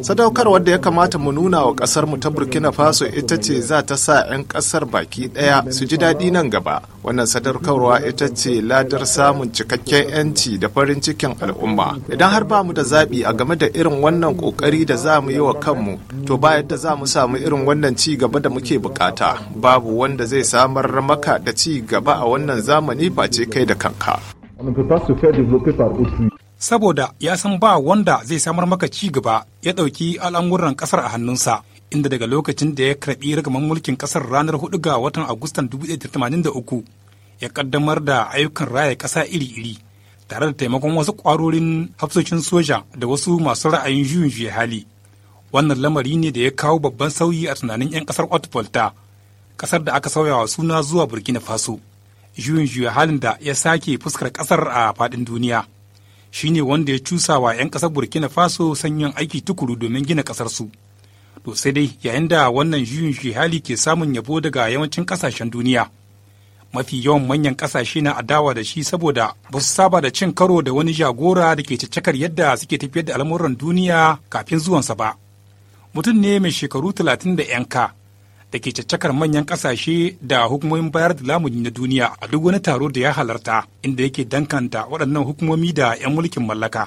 Sadaukarwar da ya kamata mu nuna wa mu ta Burkina Faso ita ce za ta sa 'yan kasar baki daya su ji daɗi nan gaba. Wannan sadaukarwa ita ce ladar samun cikakken 'yanci da farin cikin al'umma. Idan har ba mu da zaɓi a game da irin wannan ƙoƙari da za mu yi wa kanmu, to ba yadda za mu samu irin wannan ci gaba da muke bukata. Babu wanda zai samar maka da ci gaba a wannan zamani face kai da kanka. saboda ya san ba wanda zai samar maka ci gaba ya ɗauki al'amuran ƙasar a hannunsa inda daga lokacin da ya karɓi rigaman mulkin ƙasar ranar 4 ga watan agustan 1983 ya ƙaddamar da ayyukan raya ƙasa iri-iri tare da taimakon wasu ƙwarorin hafsoshin soja da wasu masu ra'ayin juyin juya hali wannan lamari ne da ya kawo babban sauyi a tunanin 'yan ƙasar otvolta ƙasar da aka sauya wa suna zuwa burkina faso juyin juya halin da ya sake fuskar ƙasar a faɗin duniya shine wanda ya cusa wa 'yan ƙasar burkina faso sanyin aiki tukuru domin gina ƙasarsu to sai dai yayin da wannan juyin shi hali ke samun yabo daga yawancin kasashen duniya mafi yawan manyan ƙasashe na adawa da shi saboda ba su saba da cin karo da wani jagora da ke caccakar yadda suke tafiyar da al'amuran duniya kafin zuwansa ba mutum ne mai shekaru talatin da 'yanka da ke caccakar manyan ƙasashe da hukumomin bayar da lamuni na duniya a duk wani taro da ya halarta inda yake dankanta waɗannan hukumomi da 'yan mulkin mallaka.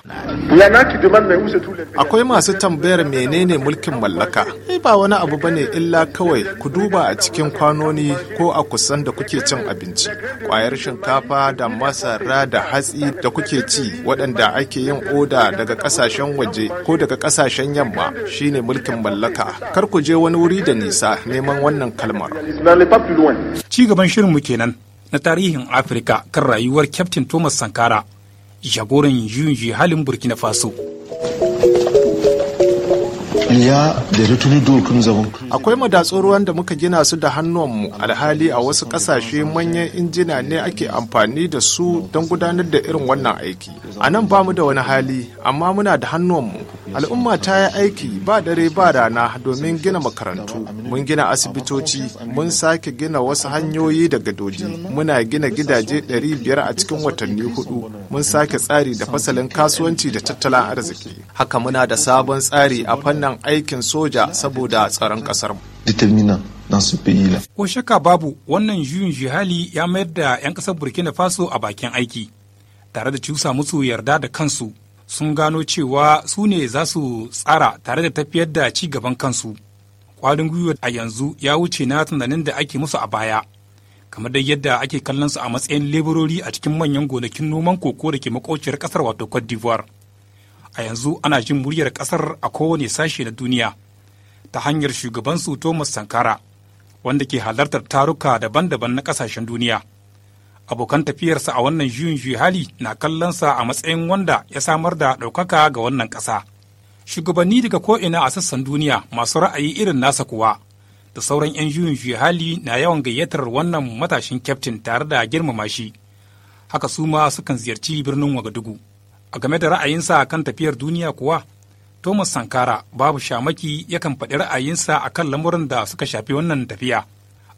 Akwai masu tambayar menene mulkin mallaka? Ai eh, ba wani abu bane illa kawai ku duba a cikin kwanoni ko a kusan da kuke cin abinci. Kwayar shinkafa da masara da hatsi da kuke ci waɗanda ake yin oda daga ƙasashen waje ko daga ƙasashen yamma shine mulkin mallaka. Kar ku je wani wuri da nisa neman ma'anan wannan kalmar ci gaban shirinmu kenan na tarihin afirka kan rayuwar kyaftin thomas sankara jagoran juyin halin burkina faso Akwai madatsun ruwan da muka gina su da hannuwanmu alhali a wasu ƙasashe manyan injina ne ake amfani da su don gudanar da irin wannan aiki. A nan ba mu da wani hali, amma muna da hannuwanmu. Al'umma ta yi aiki ba dare ba rana domin gina makarantu. Mun gina asibitoci, mun sake gina wasu hanyoyi da gadoji. Muna gina gidaje biyar a cikin watanni hudu. Mun sake tsari da fasalin kasuwanci da tattalin arziki. Haka muna da sabon tsari a fannin aikin soja saboda tsaron kasar Ko shaka babu wannan juyin jihali ya mayar da 'yan kasar Burkina Faso a bakin aiki, tare da cusa musu yarda da kansu sun gano cewa su ne za su tsara tare da tafiyar da ci gaban kansu. Kwarin gwiwa a yanzu ya wuce na tunanin da ake musu a baya, kamar da yadda ake kallon su a matsayin leburori a cikin manyan gonakin noman koko da ke makociyar kasar wato Cote d'Ivoire. a yanzu ana jin muryar ƙasar a kowane sashe na duniya ta hanyar shugabansu thomas sankara wanda ke halartar taruka daban-daban na ƙasashen duniya abokan tafiyarsa a wannan juyin juyi hali na kallonsa a matsayin wanda ya samar da ɗaukaka ga wannan ƙasa shugabanni daga ko'ina a sassan duniya masu ra'ayi irin nasa kuwa da sauran 'yan juyin juyi hali na yawan gayyatar wannan matashin kyaftin tare da girmama shi haka su ma sukan ziyarci birnin wagadugu a game da ra'ayinsa kan tafiyar duniya kuwa thomas sankara babu shamaki yakan faɗi ra'ayinsa a kan lamurin da suka shafi wannan tafiya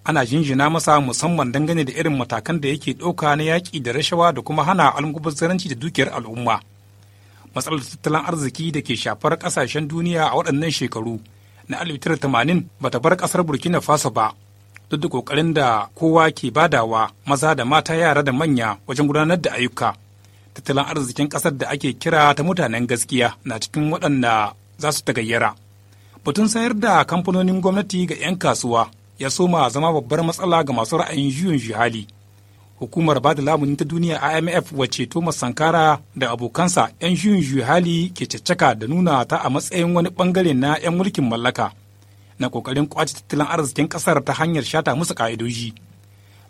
ana jinjina masa musamman dangane da irin matakan da yake ɗauka na yaƙi da rashawa da kuma hana almubazzaranci da dukiyar al'umma matsalar tattalin arziki da ke shafar ƙasashen duniya a waɗannan shekaru na 1980 ta bar ƙasar burkina faso ba duk da ƙoƙarin da kowa ke badawa maza da mata yara da manya wajen gudanar da ayyuka tattalin arzikin ƙasar da ake kira ta mutanen gaskiya na cikin waɗanda za su tagayyara. Batun sayar da kamfanonin gwamnati ga 'yan kasuwa ya soma zama babbar matsala ga masu ra'ayin juyin juhali. Hukumar ba da lamuni ta duniya IMF wacce Thomas Sankara da abokansa 'yan juyin juhali ke caccaka da nuna ta a matsayin wani bangare na 'yan mulkin mallaka na kokarin kwace tattalin arzikin ƙasar ta hanyar shata musu ƙa'idoji.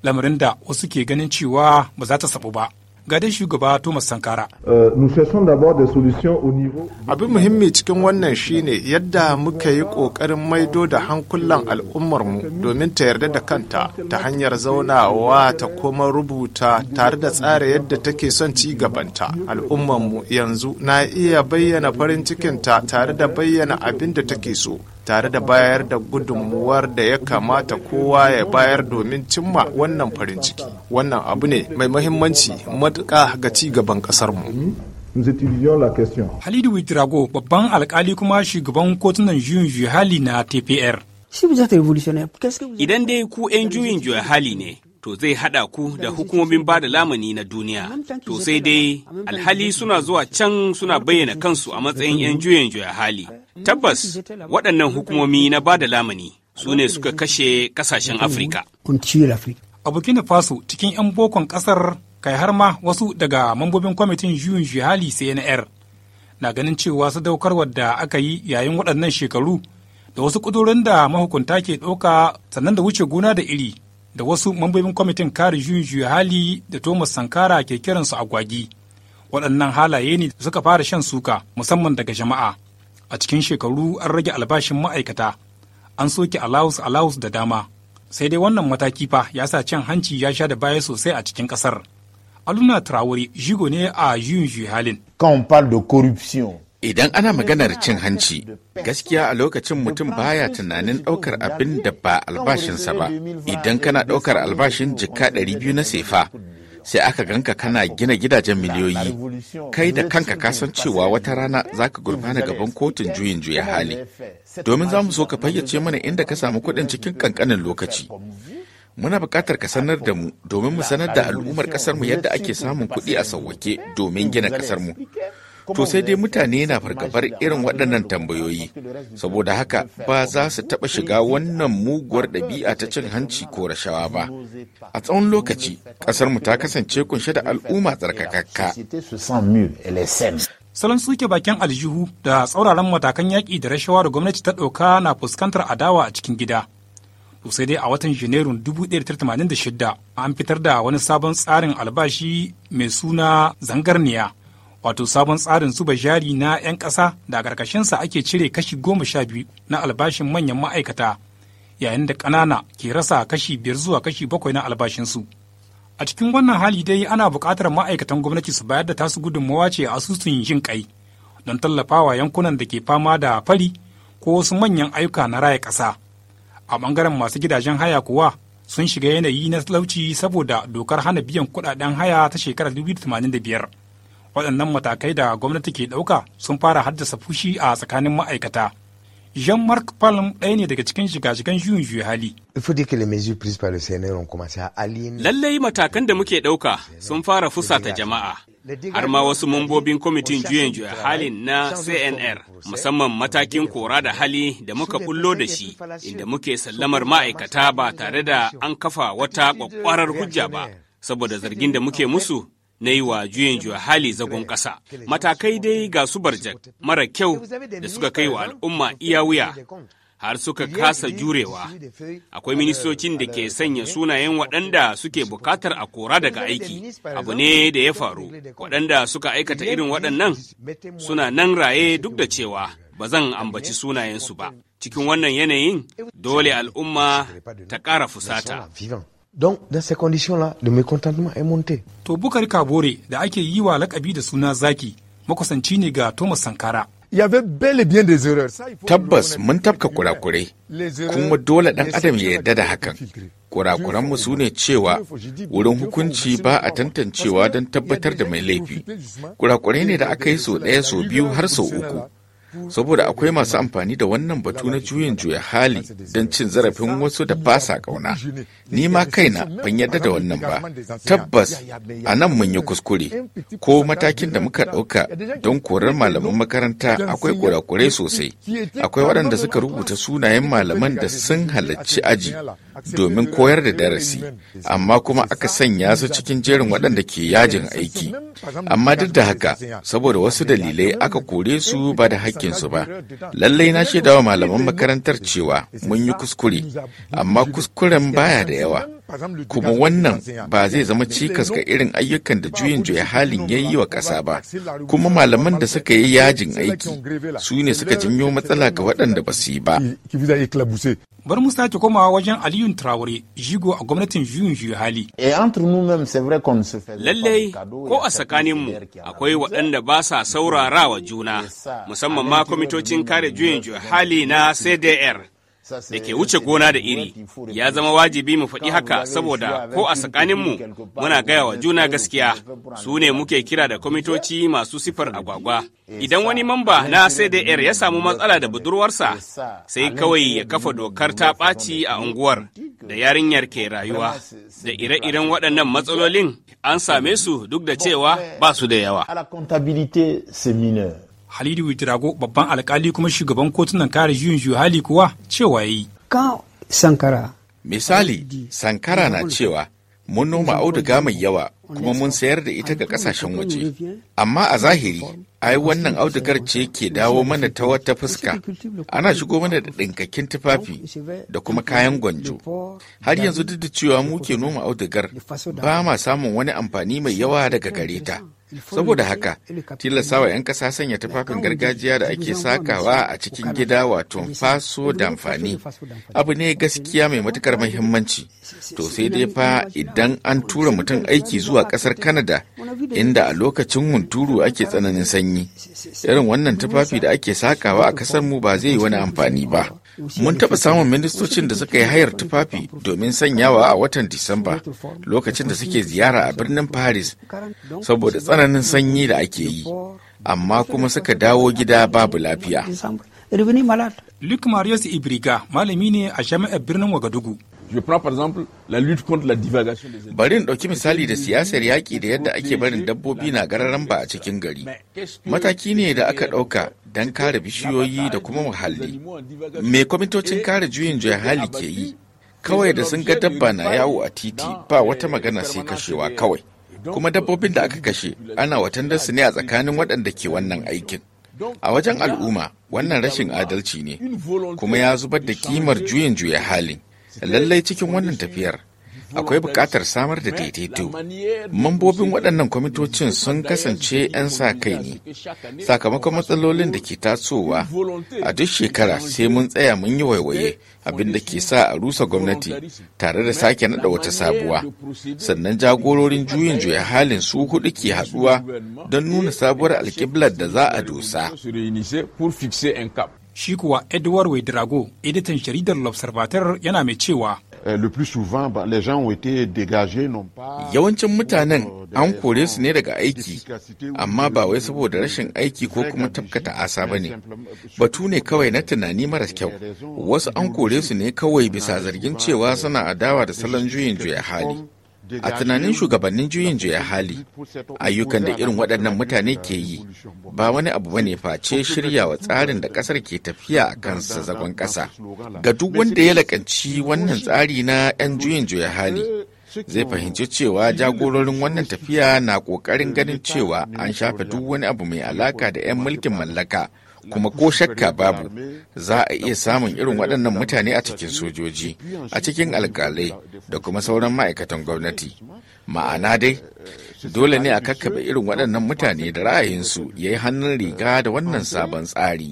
Lamarin da wasu ke ganin cewa ba za ta sabu ba. ga dai shugaba Thomas Sankara. Euh, abin muhimmi cikin wannan shine yadda muka yi ƙoƙarin maido da hankulan al'ummarmu domin ta yarda da kanta ta hanyar zaunawa ta kuma rubuta tare da tsara yadda take son ci gabanta. Al'ummarmu yanzu na iya bayyana farin cikinta tare da bayyana abin da take so. tare da bayar da gudunmuwar da ya kamata kowa ya bayar domin cimma wannan farin ciki wannan abu ne mai mahimmanci matuka ga ci gaban ƙasarmu. Halidu Witrago babban alkali kuma shugaban kotunan juyin hali na TPR. Idan dai ku 'yan juyin juya hali ne, to zai haɗa ku da hukumomin ba da lamani na duniya. To sai dai alhali suna zuwa can suna bayyana kansu a matsayin 'yan juyen juya hali. Tabbas waɗannan hukumomi na ba da lamani su ne suka kashe ƙasashen Afirka. A Burkina Faso cikin 'yan bokon ƙasar kai har ma wasu daga mambobin kwamitin juyin juya hali CNR na ganin cewa sadaukarwar da aka yi yayin waɗannan shekaru da wasu ƙudurin da mahukunta ke ɗauka sannan da wuce gona da iri da wasu mambobin kwamitin kare juyin juya hali da Thomas Sankara ke kiransu agwagi. Waɗannan halaye ne suka fara shan suka musamman daga jama'a. A cikin shekaru an rage albashin ma'aikata, an soke alawus-alawus da dama. Sai dai wannan mataki fa ya sa cin hanci ya sha da baya sosai a cikin ƙasar. Aluna Traore jigo ne a juyin juya halin. kan de corruption, Idan ana maganar cin hanci, gaskiya a lokacin mutum baya tunanin ɗaukar abin da ba albashinsa ba. Idan kana ɗaukar albashin jika ɗari biyu na sefa, sai aka ganka kana gina gidajen miliyoyi. Kai da kanka kasan cewa wata rana za ka gurfana gaban kotun juyin juya hali. Domin za mu so ka fayyace mana inda ka samu kuɗin cikin ƙanƙanin lokaci. muna buƙatar ka sanar da mu domin mu sanar da al'ummar ƙasarmu yadda ake samun kuɗi a sauwake domin gina ƙasarmu. To sai dai mutane na fargabar irin waɗannan tambayoyi, saboda haka ba za su taɓa shiga wannan muguwar ɗabi'a ta cin hanci ko rashawa ba. A tsawon lokaci, ƙasar mu ta kasance kunshe da al'umma tsarkakakka. salon suke bakin aljihu da tsauraran matakan yaƙi da rashawa da gwamnati ta ɗauka na fuskantar adawa a cikin gida. To sai dai a watan Janairun 1986 an fitar da wani sabon tsarin albashi mai suna zangarniya wato sabon tsarin zuba jari na 'yan ƙasa da ƙarƙashinsa ake cire kashi goma sha biyu na albashin manyan ma'aikata yayin da ƙanana ke rasa kashi biyar zuwa kashi bakwai na albashinsu. A cikin wannan hali dai ana buƙatar ma'aikatan gwamnati su bayar da tasu gudunmawa ce a asusun jin kai don tallafawa yankunan da ke fama da fari ko wasu manyan ayyuka na raya ƙasa. A ɓangaren masu gidajen haya kuwa sun shiga yanayi na talauci saboda dokar hana biyan kuɗaɗen haya ta shekarar 2085. waɗannan matakai da gwamnati ke ɗauka sun fara haddasa fushi a tsakanin ma'aikata Jean-Marc Palm ɗaya ne daga cikin shiga-shigan juyin juya hali. Lallai matakan da muke ɗauka sun fara fusata jama'a. Har ma wasu mambobin kwamitin juyin juya halin na CNR musamman matakin kora da hali da muka bullo da shi inda muke sallamar ma'aikata ba tare da an kafa wata ƙwaƙƙwarar hujja ba saboda zargin da muke musu na yi wa juyin juya hali zagon ƙasa matakai dai ga su barjak mara kyau da suka kai wa al'umma iya wuya har suka kasa jurewa akwai ministocin da ke sanya sunayen waɗanda suke bukatar a kora daga aiki abu ne da ya faru waɗanda suka aikata irin waɗannan suna nan raye duk da cewa ba zan ambaci sunayensu ba cikin wannan yanayin dole al'umma ta ƙara fusata don da condition la là mécontentement est monté to bukar kabore da ake yi wa lakabi da suna zaki makwasanci ne ga thomas sankara Tabbas mun tafka kurakurai, kuma dole ɗan adam ya yarda da hakan. mu su ne cewa wurin hukunci ba a tantancewa don tabbatar da mai laifi. Kurakure ne da aka yi so ɗaya sau biyu har sau uku. saboda akwai masu amfani da wannan batu na juyin juya hali don cin zarafin wasu da ba sa kauna ni ma kaina ban yarda da wannan ba tabbas a nan mun yi kuskure ko matakin da muka ɗauka don korar malaman makaranta akwai kurakurai sosai akwai waɗanda suka rubuta sunayen malaman da sun halarci aji domin koyar da darasi amma kuma aka sanya su cikin jerin waɗanda ke yajin aiki amma duk da haka saboda wasu dalilai aka kore su ba da su ba lallai na shaidawa malaman makarantar cewa mun yi kuskure amma kuskuren baya da yawa kuma wannan ba zai zama cikas ga irin ayyukan da juyin juya halin ya yi wa ƙasa ba kuma malaman da suka yi yajin aiki su ne suka jinyo matsala ga waɗanda ba su yi ba bar mu sake komawa wajen aliyun traore jigo a gwamnatin juyin juya hali lallai ko a tsakanin mu akwai waɗanda ba sa saurara wa juna musamman ma kwamitocin kare juyin juya hali na cdr da ke wuce gona da iri ya zama wajibi mu faɗi haka saboda ko a tsakaninmu muna gaya wa juna gaskiya su ne muke kira da kwamitoci masu sifar agwagwa idan wani mamba na cdr ya samu matsala da budurwarsa sai kawai ya kafa dokar ta ɓaci a unguwar da yarinyar ke rayuwa da ire-iren waɗannan matsalolin an same su duk da cewa ba su da yawa Halidu rago babban alkali kuma shugaban kotunan kare juyin juyi kuwa cewa yi. Sankara. Misali, Sankara na cewa mun noma auduga mai yawa kuma mun sayar da ita ga kasashen waje. Amma a zahiri, ai wannan audugar ce ke dawo mana ta wata fuska. Ana shigo mana da ɗinkakin tufafi da kuma kayan gwanjo. Har yanzu duk da cewa mu ke noma audugar, ba ma samun wani amfani mai yawa daga gare ta. Saboda haka, tilastawa 'yan ƙasa sanya tufafin gargajiya da ake sakawa a cikin gida wato faso da amfani abu ne gaskiya mai matukar mahimmanci. To sai dai fa idan an tura mutum aiki zuwa ƙasar Kanada inda a lokacin hunturu ake tsananin sanyi. Irin wannan tufafi da ake sakawa a ƙasar mu ba zai yi wani amfani ba. Mun taɓa samun ministocin da suka yi hayar tufafi domin sanyawa a watan Disamba lokacin da suke ziyara a birnin Paris saboda tsananin sanyi da ake yi, amma kuma suka dawo gida babu lafiya. Luke Marius Ibriga malami ne a jami'ar birnin Wagadugu Bari in ɗauki misali da siyasar yaƙi da yadda ake barin dabbobi na gararan ba a cikin gari. Mataki ne da aka ɗauka don kare bishiyoyi da kuma muhalli. Me kwamitocin kare juyin juya hali ke yi? Kawai da sun ga dabba na yawo a titi ba wata magana sai kashewa kawai. Kuma dabbobin da aka kashe ana watan su ne a tsakanin waɗanda ke wannan aikin. A wajen al'umma wannan rashin adalci ne, kuma ya zubar da kimar juyin juya halin. lallai cikin wannan tafiyar akwai buƙatar samar da daidaito mambobin waɗannan kwamitocin sun kasance 'yan sa kai ne sakamakon matsalolin da ke tasowa a duk shekara sai mun tsaya mun yi waiwaye abin da ke sa a rusa gwamnati tare da sake naɗa wata sabuwa sannan jagororin juyin juya halin su hudu ke haɗuwa don nuna sabuwar alkiblar da za a dosa Shi kuwa Edward Wedrago, editan jaridar L'Observateur yana mai cewa Yawancin mutanen an kore su ne daga aiki, amma ba wai saboda rashin aiki ko kuma tafkata asa ba ne. Batu ne kawai na tunani maras kyau. Wasu an kore su ne kawai bisa zargin cewa suna adawa da salon juyin juya hali. a tunanin shugabannin juyin juya hali ayyukan da irin waɗannan mutane ke yi ba wani abu bane face shirya wa tsarin da ƙasar ke tafiya a kansa zagon ƙasa ga duk wanda ya lakanci wannan tsari na 'yan juyin juya hali zai fahimci cewa jagororin wannan tafiya na ƙoƙarin ganin cewa an shafe duk wani abu mai alaka da 'yan mulkin mallaka kuma ko shakka babu za a iya samun irin waɗannan mutane a cikin sojoji a cikin alkalai da kuma sauran ma'aikatan gwamnati ma'ana dai dole ne a kakkaɓe irin waɗannan mutane da ra'ayinsu ya yi hannun riga da wannan sabon tsari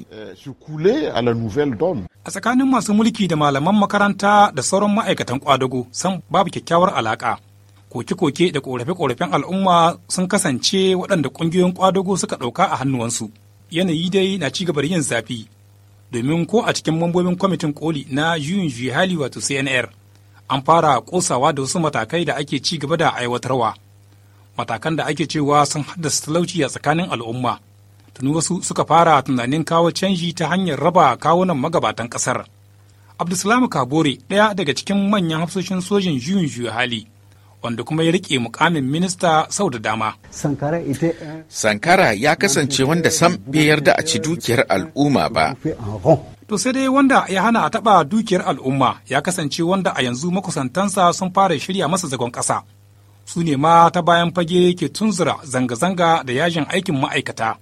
a tsakanin masu mulki da malaman makaranta da sauran ma'aikatan kwadago san babu kyakkyawar alaƙa koke-koke da ƙorafe-ƙorafen al'umma sun kasance waɗanda ƙungiyoyin kwadago suka ɗauka a hannuwansu yanayi dai na ci gaba da yin zafi domin ko a cikin mambobin kwamitin koli na yun juyi hali wato cnr an fara kosawa da wasu matakai da ake ci gaba da aiwatarwa matakan da ake cewa sun haddasa talauci a tsakanin al'umma tuni wasu suka fara tunanin kawo canji ta hanyar raba kawunan magabatan kasar abdulsalam kabore ɗaya daga cikin manyan hafsoshin sojin yun juyi hali wanda kuma ya rike mukamin minista sau da dama. Eh, Sankara ya kasance wanda sam bai da a ci dukiyar al'umma ba. To sai dai wanda ya hana a taɓa dukiyar al'umma ya kasance wanda a yanzu makusantansa sun fara shirya masa zagon ƙasa. Su ne ma ta bayan fage ke tunzura zanga-zanga da yajin aikin ma'aikata.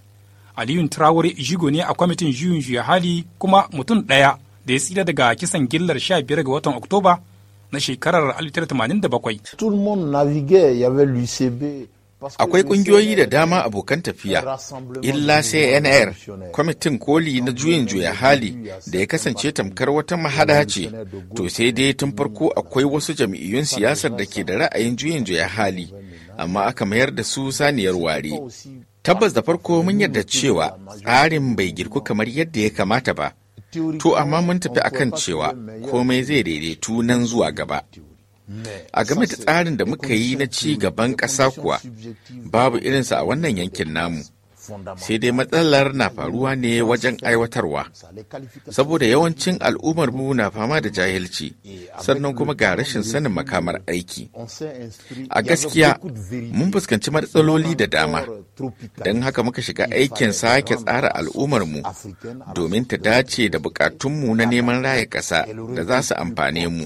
Aliyun Traore jigo ne a kwamitin juyin juya hali kuma mutum ɗaya da ya tsira daga kisan gillar 15 ga watan Oktoba na shekarar 1987. Akwai ƙungiyoyi da dama abokan tafiya, illa sai kwamitin koli na juyin juya hali da ya kasance tamkar wata mahada ce, to sai dai tun farko akwai wasu jam'iyyun siyasar da ke da ra'ayin juyin juya hali, amma aka mayar da su saniyar ware. Tabbas da farko mun yarda cewa tsarin bai girku kamar yadda ya kamata ba, To amma mun tafi akan cewa komai zai daidaitu nan zuwa gaba. A game da tsarin da muka yi na ci gaban ƙasa kuwa, babu irinsa a wannan yankin namu. sai dai matsalar na faruwa ne wajen aiwatarwa saboda yawancin al'ummar mu na fama da jahilci sannan kuma ga rashin sanin makamar aiki a gaskiya mun fuskanci matsaloli da dama don haka muka shiga aikin sake tsara al'ummar mu domin ta dace da bukatunmu na neman raya ƙasa da za su amfane mu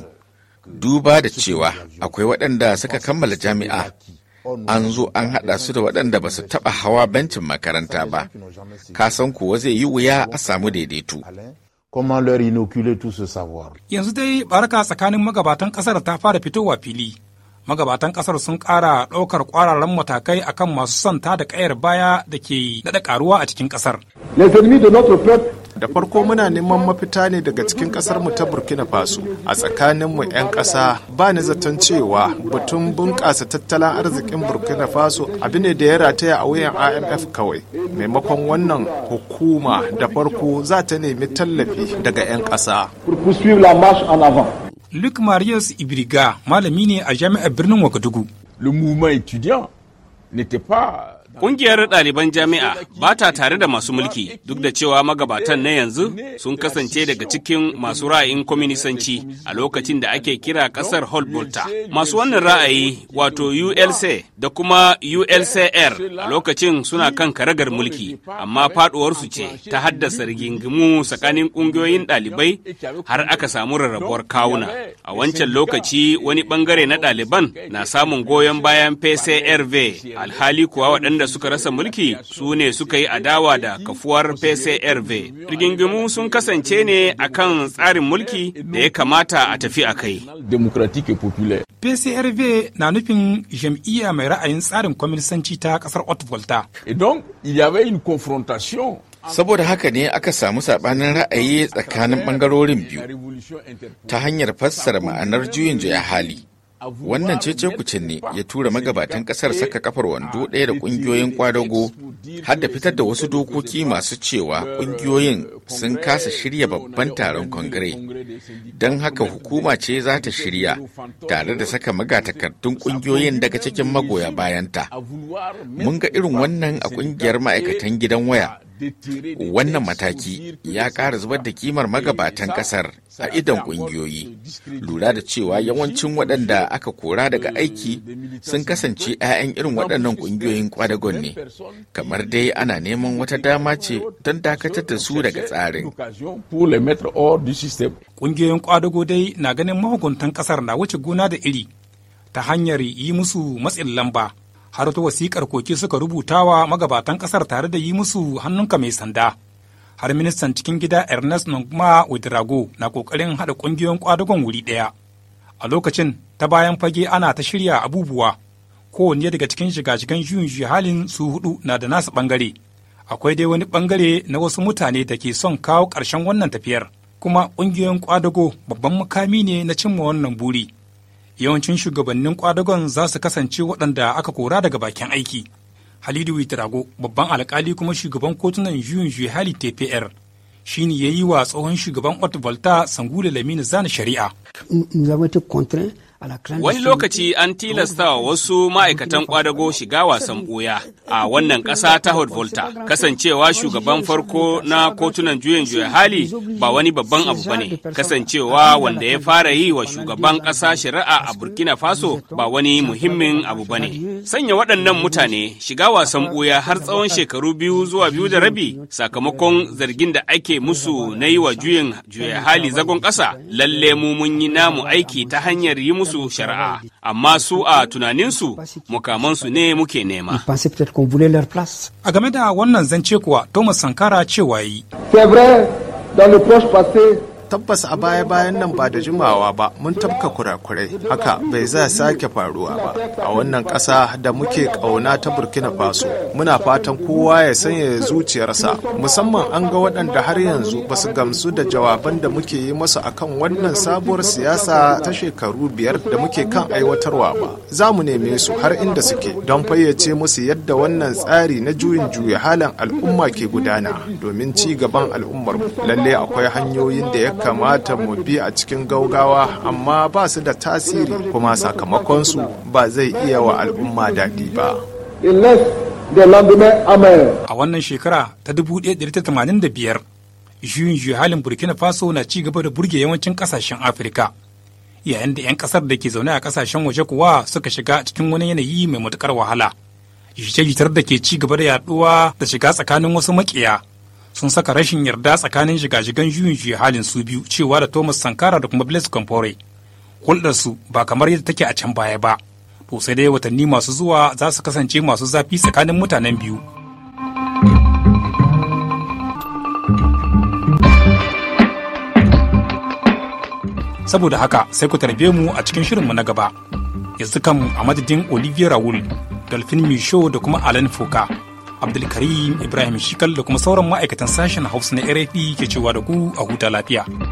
duba da cewa akwai waɗanda suka kammala jami'a an zo an haɗa su da waɗanda ba su taɓa hawa bencin makaranta ba kasan kuwa zai yi wuya a samu daidaito yanzu dai baraka tsakanin magabatan ƙasar ta fara fitowa fili magabatan ƙasar sun ƙara ɗaukar ƙwararren matakai akan masu santa da ƙayar baya da ke daɗa ƙaruwa a cikin ƙasar da farko muna neman mafita ne daga cikin kasar mu ta burkina faso a tsakanin mu 'yan ƙasa ba ni zaton cewa batun bunƙasa tattalin arzikin burkina faso abu ne da ya rataya a wuyan imf kawai maimakon wannan hukuma da farko za ta nemi tallafi daga 'yan ƙasa Luc Marius Ibriga malami ne a jami'ar birnin wakadugu. Le mouvement étudiant n'était pas Ƙungiyar ɗaliban jami'a ba ta tare da masu mulki duk da cewa magabatan na yanzu sun kasance daga cikin masu ra'ayin kwaminisanci a lokacin da ake kira ƙasar Holbolta. Masu wannan ra'ayi wato ULC da kuma ULCR a lokacin suna kan karagar mulki amma faɗuwarsu ce ta haddasa rigingimu tsakanin ƙungiyoyin ɗalibai har aka samu rarrabuwar kawuna. A wancan lokaci wani ɓangare na ɗaliban na samun goyon bayan PCRV alhali kuwa waɗanda suka rasa mulki su ne suka yi adawa da kafuwar PCRV. Rigingimu sun kasance ne a kan tsarin mulki da ya kamata a tafi a kai. PCRV na nufin jam'iyya mai ra'ayin tsarin kwaminisanci ta kasar Otvolta. Saboda haka ne aka samu saɓanin ra'ayi tsakanin bangarorin biyu ta hanyar fassara ma'anar juyin juya hali. Wannan cece kucin ne ya tura magabatan kasar saka kafar wando ɗaya da ƙungiyoyin kwadago har da fitar da wasu dokoki masu cewa ƙungiyoyin sun kasa shirya babban taron kongire. Don haka hukuma ce za ta shirya tare da saka magatakardun ƙungiyoyin daga cikin magoya bayanta. Mun ga irin wannan a ƙungiyar ma'aikatan gidan waya Wannan mataki ya ƙara zubar da kimar magabatan ƙasar a idon ƙungiyoyi, lura da cewa yawancin waɗanda aka kora daga aiki sun kasance 'ya'yan irin waɗannan ƙungiyoyin kwadagon ne, kamar dai ana neman wata dama ce don dakatar da su daga tsarin. Ƙungiyoyin kwadago dai na ganin mahukuntan ƙasar na wuce gona da iri ta hanyar yi musu matsin lamba. har ta wasiƙar koki suka rubuta wa magabatan ƙasar tare da yi musu hannunka mai sanda. Har ministan cikin gida Ernest Nongma Wadirago na ƙoƙarin haɗa ƙungiyoyin ƙwadagon wuri ɗaya. A lokacin ta bayan fage ana ta shirya abubuwa. Kowanne daga cikin shiga-shigan juyin halin su hudu na da nasa ɓangare. Akwai dai wani ɓangare na wasu mutane da ke son kawo ƙarshen wannan tafiyar. Kuma ƙungiyoyin ƙwadago babban mukami ne na cimma wannan buri. yawancin shugabannin kwadagon za su kasance waɗanda aka kora daga bakin aiki. Halidu Witirago, babban alkali kuma shugaban kotunan juyin juyi hali TPR, shi ne ya yi wa tsohon shugaban Volta Sangule Lamini zana shari'a. Wani lokaci an tilasta wa wasu ma'aikatan ƙwadago shiga wasan ɓuya a wannan ƙasa ta Hot Volta, kasancewa shugaban farko na kotunan juyin juya hali ba wani babban abu ba ne, kasancewa wanda ya fara yi wa shugaban ƙasa shari'a a Burkina Faso ba wani muhimmin abu ba ne. Sanya waɗannan mutane shiga wasan ɓuya har tsawon shekaru biyu zuwa biyu da rabi sakamakon zargin da ake musu na yi wa juyin juya hali zagon ƙasa, lalle mu mun yi namu aiki ta hanyar yi musu musu shari'a amma su a tunaninsu mukamansu ne muke nema a game da wannan zance kuwa thomas sankara cewa yi dans le proche tabbas a baya-bayan nan ba da jimawa ba mun tafka kurakurai haka bai za sake faruwa ba a wannan ƙasa da muke ƙauna ta burkina faso muna fatan kowa ya sanya zuciyarsa musamman an ga waɗanda har yanzu ba su gamsu da jawaban da muke yi masu akan wannan sabuwar siyasa ta shekaru biyar da muke kan aiwatarwa ba za mu neme su har inda suke don fayyace musu yadda wannan tsari na juyin juya halin al'umma ke gudana domin ci gaban al'ummar lalle akwai hanyoyin da ya kamata mu bi a cikin gaugawa amma ba su da tasiri kuma sakamakonsu ba zai iya wa al'umma daɗi ba. A wannan shekara ta 1985, juyin juya halin Burkina Faso na ci gaba da burge yawancin kasashen Afirka, yayin da 'yan kasar da ke zaune a kasashen waje kuwa suka shiga cikin wani yanayi mai matukar wahala. Jitar da ke ci gaba da yaduwa da shiga tsakanin wasu maƙiya. sun saka rashin yarda tsakanin shiga-shigan juyin juya halin su biyu cewa da Thomas Sankara da kuma Blaise Compaoré. Hulɗarsu ba kamar yadda take a can baya ba. To sai dai watanni masu zuwa za su kasance masu zafi tsakanin mutanen biyu. Saboda haka sai ku tarbe mu a cikin shirinmu na gaba. Yanzu kan a madadin Olivier Raoul, Dolphin Michaud da kuma Alain Foka. Abdulkarim Ibrahim Shikal da kuma sauran ma'aikatan sashen Hausa na RFI ke cewa da ku a huta lafiya.